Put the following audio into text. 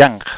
jàng